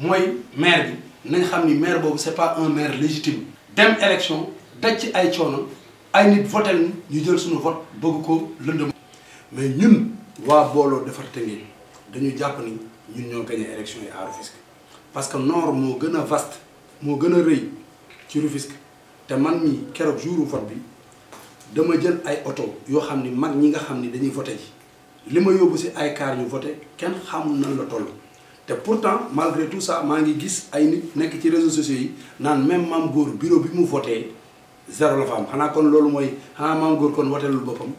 mooy maire bi nañ xam ni maire boobu c'est pas un maire légitime dem élection daj ci ay coono ay nit votel ñu jël suñu vote bëgg ko lëndëm mais ñun waa booloo defar Tëngéej dañu jàpp ni ñun ñoo gagné élection yi à Rufisque parce que noor moo gën a vaste moo gën a rëy ci Rufisque te man mi keroog jouru vote bi dama jël ay oto yoo xam ni mag ñi nga xam ni dañuy voté ji li ma yóbbu si ay kaar ñu voté kenn xamul nan la toll te pourtant malgré tout ça maa ngi gis ay nit nekk ci réseaux sociaux yi naan même maam Gor bureau bi mu voté zéro la fa am xanaa kon loolu mooy xanaa ah, Mame góor kon woteelul boppam